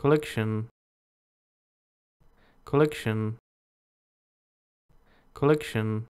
collection collection collection